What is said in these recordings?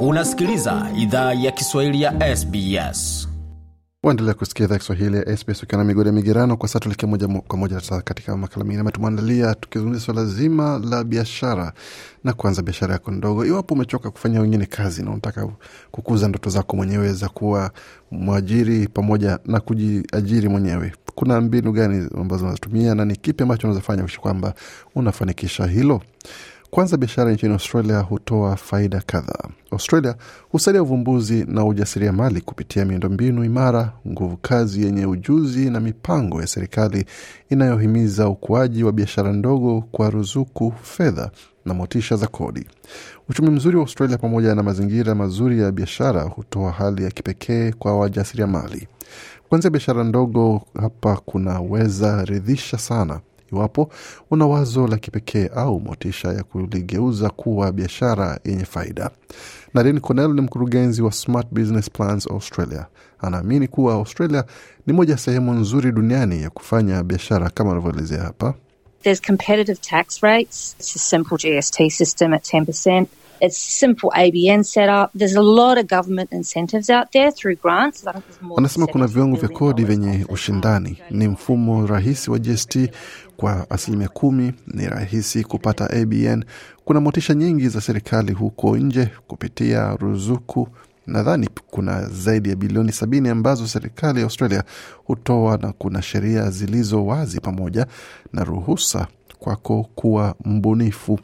unasikiliza idhaa ya kiswahili ya sbs waendelea kusikia idhaa kiswahili ya SBS ukiwa na migodi ya migerano. Kwa sasa tuelekee moja kwa moja katika makala mengine tumeandalia, tukizungumzia swala zima la biashara na kuanza biashara yako ndogo. Iwapo umechoka kufanya wengine kazi na unataka kukuza ndoto zako mwenyewe za kuwa mwajiri pamoja na kujiajiri mwenyewe, kuna mbinu gani ambazo unazotumia na ni kipi ambacho unazofanya kisha kwamba unafanikisha hilo? Kwanza, biashara nchini Australia hutoa faida kadhaa. Australia husaidia uvumbuzi na ujasiriamali kupitia miundombinu imara, nguvu kazi yenye ujuzi na mipango ya serikali inayohimiza ukuaji wa biashara ndogo kwa ruzuku, fedha na motisha za kodi. Uchumi mzuri wa Australia pamoja na mazingira mazuri ya biashara hutoa hali ya kipekee kwa wajasiriamali. Kuanzia biashara ndogo hapa kunaweza ridhisha sana Iwapo una wazo la kipekee au motisha ya kuligeuza kuwa biashara yenye faida. Nadine Cornell ni mkurugenzi wa Smart Business Plans Australia. Anaamini kuwa Australia ni moja ya sehemu nzuri duniani ya kufanya biashara kama anavyoelezea hapa. There's competitive tax rates. It's a simple GST system at 10%. It's simple ABN setup. There's a lot of government incentives out there through grants. Anasema kuna viwango vya kodi vyenye ushindani. Ni mfumo rahisi wa GST kwa asilimia kumi. Ni rahisi kupata ABN. Kuna motisha nyingi za serikali huko nje kupitia ruzuku Nadhani kuna zaidi ya bilioni sabini ambazo serikali ya Australia hutoa na kuna sheria zilizo wazi pamoja na ruhusa kwako kuwa mbunifu.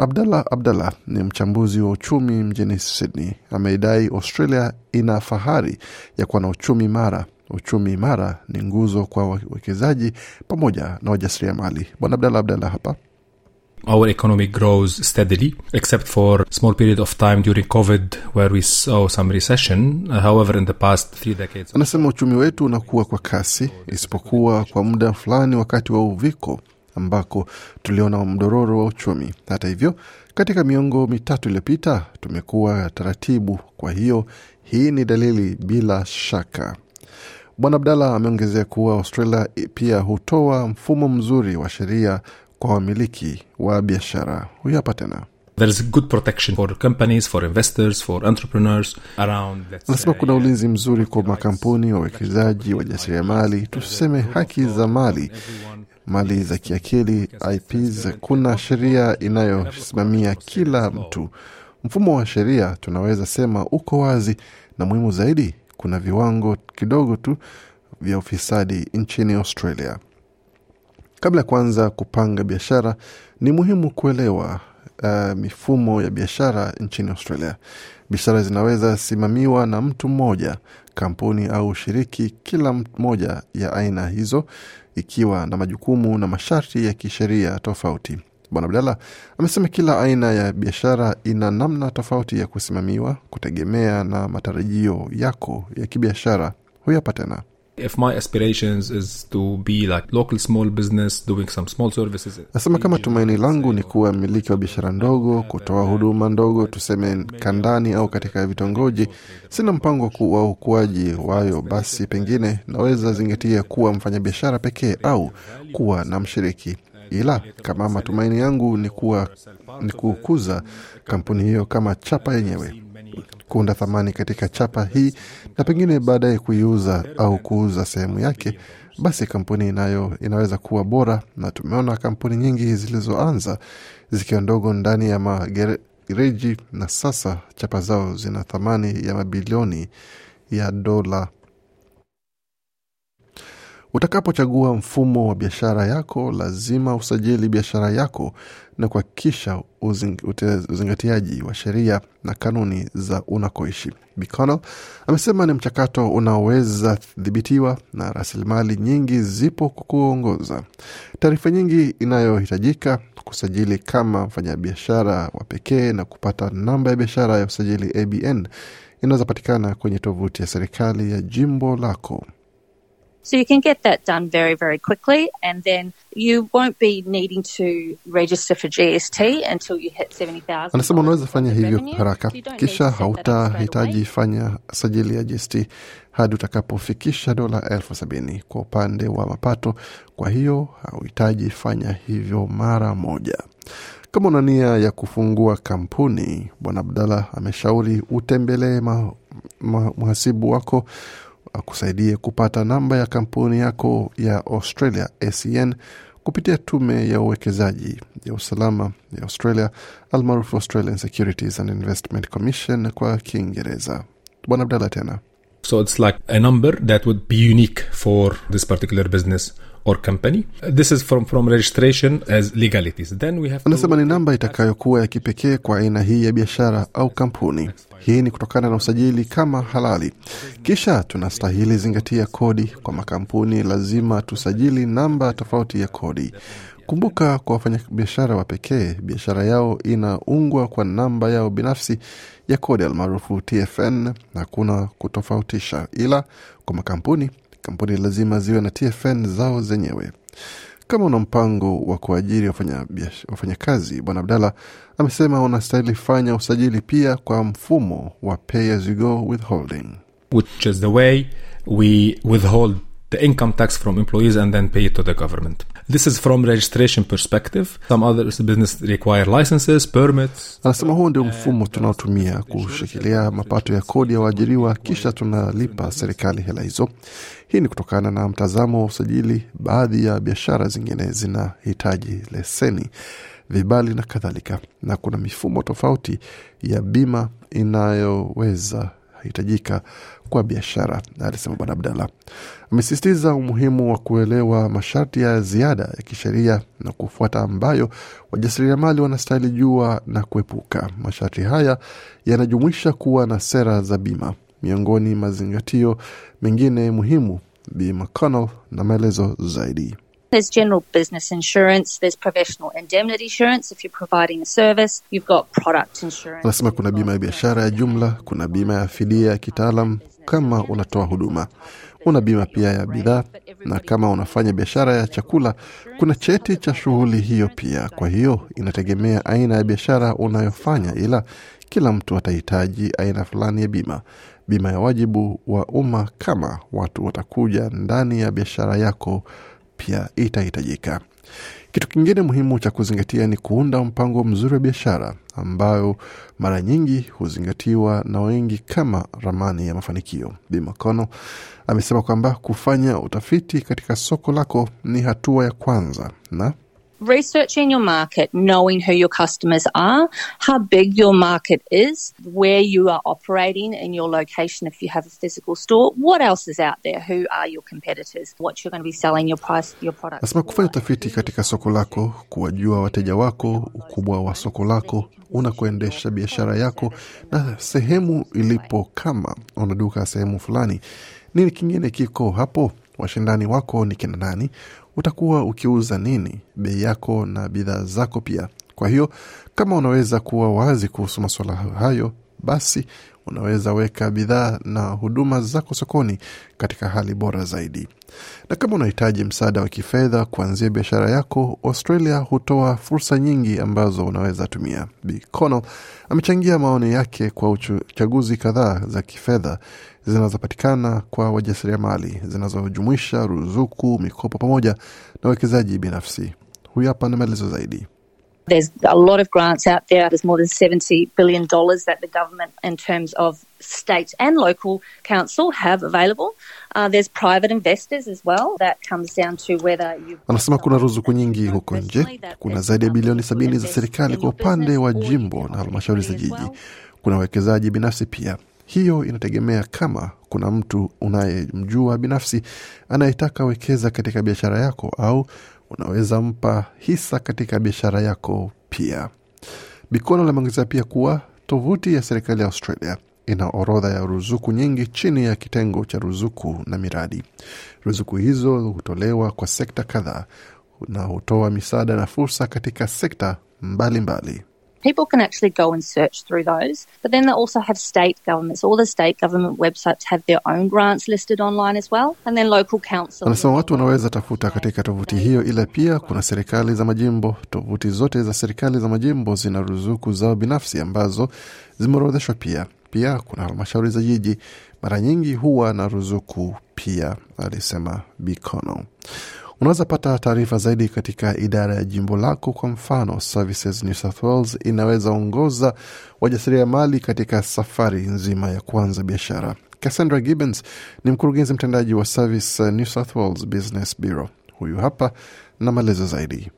Abdallah Abdallah ni mchambuzi wa uchumi mjini Sydney. Ameidai Australia ina fahari ya kuwa na uchumi imara. Uchumi imara ni nguzo kwa wawekezaji pamoja na wajasiriamali. Bwana Abdallah Abdallah hapa our economy grows steadily, except for small period of time during COVID where we saw some recession. However, in the past three decades, anasema uchumi wetu unakuwa kwa kasi, isipokuwa kwa muda fulani wakati wa uviko ambako tuliona mdororo wa uchumi. Hata hivyo, katika miongo mitatu iliyopita tumekuwa taratibu, kwa hiyo hii ni dalili bila shaka. Bwana Abdalla ameongezea kuwa Australia pia hutoa mfumo mzuri wa sheria kwa wamiliki wa biashara. Huyu hapa tena Anasema kuna ulinzi mzuri kwa makampuni, wawekezaji, wajasiriamali, tuseme haki za mali mali za kiakili IPs. Kuna sheria inayosimamia kila mtu. Mfumo wa sheria tunaweza sema uko wazi, na muhimu zaidi, kuna viwango kidogo tu vya ufisadi nchini Australia. Kabla ya kuanza kupanga biashara, ni muhimu kuelewa uh, mifumo ya biashara nchini Australia. Biashara zinaweza simamiwa na mtu mmoja, kampuni au shiriki, kila mmoja ya aina hizo ikiwa na majukumu na masharti ya kisheria tofauti. Bwana Abdalla amesema kila aina ya biashara ina namna tofauti ya kusimamiwa kutegemea na matarajio yako ya kibiashara. huyapa tena if my aspirations is to be like local small business doing some small services. Nasema kama tumaini langu ni kuwa mmiliki wa biashara ndogo, kutoa huduma ndogo, tuseme kandani au katika vitongoji. Sina mpango wa ukuaji wayo, basi pengine naweza zingatia kuwa mfanyabiashara pekee au kuwa na mshiriki ila kama matumaini yangu ni kuwa ni kukuza kampuni hiyo kama chapa yenyewe kuunda thamani katika chapa hii na pengine baadaye kuiuza au kuuza sehemu yake, basi kampuni inayo inaweza kuwa bora, na tumeona kampuni nyingi zilizoanza zikiwa ndogo ndani ya magereji na sasa chapa zao zina thamani ya mabilioni ya dola Utakapochagua mfumo wa biashara yako, lazima usajili biashara yako na kuhakikisha uzingatiaji wa sheria na kanuni za unakoishi. Biconnell amesema ni mchakato unaoweza dhibitiwa na rasilimali nyingi zipo kukuongoza. Taarifa nyingi inayohitajika kusajili kama mfanyabiashara wa pekee na kupata namba ya biashara ya usajili ABN inaweza patikana kwenye tovuti ya serikali ya jimbo lako. So you can get that done very, very quickly, and then you won't be needing to register for GST until you hit 70,000. Anasema unaweza fanya hivyo haraka, kisha hautahitaji fanya sajili ya GST hadi utakapofikisha dola elfu sabini kwa upande wa mapato. Kwa hiyo hauhitaji fanya hivyo mara moja. Kama una nia ya kufungua kampuni, Bwana Abdalla ameshauri utembelee mhasibu wako akusaidie kupata namba ya kampuni yako ya Australia ACN kupitia tume ya uwekezaji ya usalama ya Australia almaarufu Australian Securities and Investment Commission kwa Kiingereza. Bwana Abdalla tena So it's like a number that would be unique for this particular business or company. This is from, from registration as legalities. Then we have anasema ni namba itakayokuwa ya kipekee kwa aina hii ya biashara au kampuni. Hii ni kutokana na usajili kama halali. Kisha tunastahili zingatia kodi. Kwa makampuni lazima tusajili namba tofauti ya kodi. Kumbuka, kwa wafanyabiashara wa pekee, biashara yao inaungwa kwa namba yao binafsi ya kodi almaarufu TFN. Hakuna kutofautisha, ila kwa makampuni, kampuni lazima ziwe na TFN zao zenyewe. Kama una mpango wa kuajiri wafanyakazi wafanya, Bwana Abdalla amesema unastahili fanya usajili pia kwa mfumo wa pay as you go withholding, which is the way we withhold the income tax from employees and then pay it to the government. This is from registration perspective. Some other business require licenses, permits. Anasema huo ndio mfumo tunaotumia kushikilia mapato ya kodi ya waajiriwa, kisha tunalipa serikali hela hizo. Hii ni kutokana na mtazamo wa usajili. Baadhi ya biashara zingine zinahitaji leseni vibali na kadhalika, na kuna mifumo tofauti ya bima inayoweza yanahitajika kwa biashara, alisema Bwana Abdalla. Amesisitiza umuhimu wa kuelewa masharti ya ziada ya kisheria na kufuata ambayo wajasiriamali wanastahili jua na kuepuka. Masharti haya yanajumuisha kuwa na sera za bima. Miongoni mazingatio mengine muhimu, Bi McConnell na maelezo zaidi. There's general business insurance, there's professional indemnity insurance if you're providing a service, you've got product insurance. Anasema kuna bima ya biashara ya jumla, kuna bima ya fidia ya kitaalam kama unatoa huduma. Una bima pia ya bidhaa na kama unafanya biashara ya chakula, kuna cheti cha shughuli hiyo pia. Kwa hiyo inategemea aina ya biashara unayofanya, ila kila mtu atahitaji aina fulani ya bima. Bima ya wajibu wa umma kama watu watakuja ndani ya biashara yako pia itahitajika. Kitu kingine muhimu cha kuzingatia ni kuunda mpango mzuri wa biashara ambayo mara nyingi huzingatiwa na wengi kama ramani ya mafanikio. Bi amesema kwamba kufanya utafiti katika soko lako ni hatua ya kwanza na researching your market, knowing who your customers are, how big your market is, where you are operating in your location if you have a physical store, what else is out there, who are your competitors, what you're going to be selling your price, your product. Nasema kufanya utafiti katika soko lako, kuwajua wateja wako, ukubwa wa soko lako, unakoendesha biashara yako na sehemu ilipo, kama unaduka sehemu fulani, nini kingine kiko hapo, washindani wako ni kina nani utakuwa ukiuza nini, bei yako na bidhaa zako pia. Kwa hiyo kama unaweza kuwa wazi kuhusu masuala hayo, basi unaweza weka bidhaa na huduma zako sokoni katika hali bora zaidi. Na kama unahitaji msaada wa kifedha kuanzia biashara yako, Australia hutoa fursa nyingi ambazo unaweza tumia. Bi amechangia maoni yake kwa chaguzi kadhaa za kifedha zinazopatikana kwa wajasiriamali zinazojumuisha ruzuku, mikopo pamoja na uwekezaji binafsi. Huyu hapa na maelezo zaidi. There's a lot of grants out there. There's more than $70 billion that the government, in terms of state and local council, have available. Uh, there's private investors as well. That comes down to whether you... Anasema kuna ruzuku nyingi huko nje. Kuna zaidi ya bilioni sabini za serikali kwa upande wa jimbo na halmashauri za jiji. Kuna wawekezaji binafsi pia. Hiyo inategemea kama kuna mtu unayemjua binafsi anayetaka wekeza katika biashara yako au unaweza mpa hisa katika biashara yako pia. Bikono limeongezea pia kuwa tovuti ya serikali ya Australia ina orodha ya ruzuku nyingi chini ya kitengo cha ruzuku na miradi. Ruzuku hizo hutolewa kwa sekta kadhaa na hutoa misaada na fursa katika sekta mbalimbali mbali people can actually go and search through those. But then they also have state governments. All the state government websites have their own grants listed online as well, and then local council. Anasema watu wanaweza tafuta katika tovuti hiyo, ila pia kuna serikali za majimbo. Tovuti zote za serikali za majimbo zina ruzuku zao binafsi ambazo zimeorodheshwa pia. Pia kuna halmashauri za jiji mara nyingi huwa na ruzuku pia, alisema Bikono. Unaweza pata taarifa zaidi katika idara ya jimbo lako. Kwa mfano, Services New South Wales inaweza ongoza wajasiriamali katika safari nzima ya kuanza biashara. Cassandra Gibbons ni mkurugenzi mtendaji wa Service New South Wales Business Bureau. Huyu hapa na maelezo zaidi.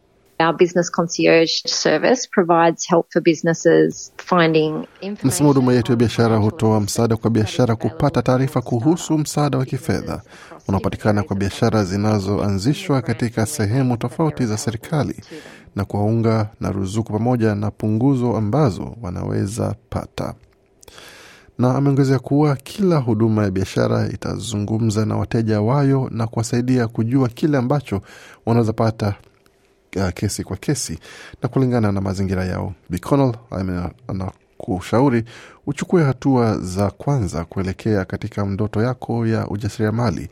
Msimu huduma yetu ya biashara hutoa msaada kwa biashara kupata taarifa kuhusu msaada wa kifedha unaopatikana kwa biashara zinazoanzishwa katika sehemu tofauti za serikali na kuwaunga na ruzuku pamoja na punguzo ambazo wanaweza pata. Na ameongezea kuwa kila huduma ya biashara itazungumza na wateja wayo na kuwasaidia kujua kile ambacho wanaweza pata uh, kesi kwa kesi na kulingana na mazingira yao. Biconal anakushauri uchukue hatua za kwanza kuelekea katika ndoto yako ya ujasiriamali.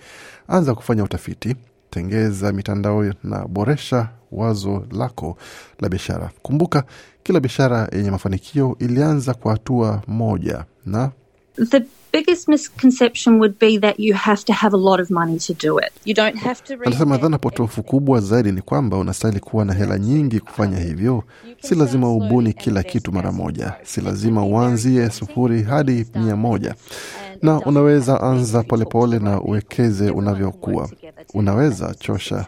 Anza kufanya utafiti, tengeza mitandao na boresha wazo lako la biashara. Kumbuka, kila biashara yenye mafanikio ilianza kwa hatua moja, na the biggest misconception would be that you have to have a lot of money to do it. You don't have to. Anasema dhana potofu kubwa zaidi ni kwamba unastahili kuwa na hela nyingi kufanya hivyo. Si lazima ubuni kila kitu mara moja, si lazima uanzie sufuri hadi mia moja, na unaweza anza polepole pole na uwekeze unavyokuwa. Unaweza chosha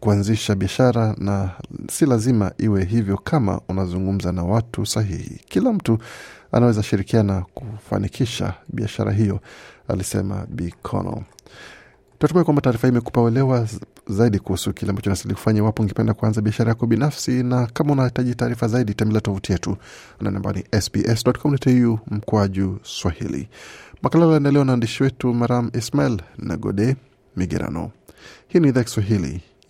kuanzisha biashara, na si lazima iwe hivyo kama unazungumza na watu sahihi. Kila mtu anaweza shirikiana kufanikisha biashara hiyo, alisema Bi Connell. Tunatumai kwamba taarifa hii imekupa uelewa zaidi kuhusu kile ambacho unastahili kufanya iwapo ungependa kuanza biashara yako binafsi, na kama unahitaji taarifa zaidi, tembela tovuti yetu na namba ni sbs.com.au mkwaju Swahili. Makala laendelewa na andishi wetu Maram Ismail nagode Migerano. Hii ni idhaa Kiswahili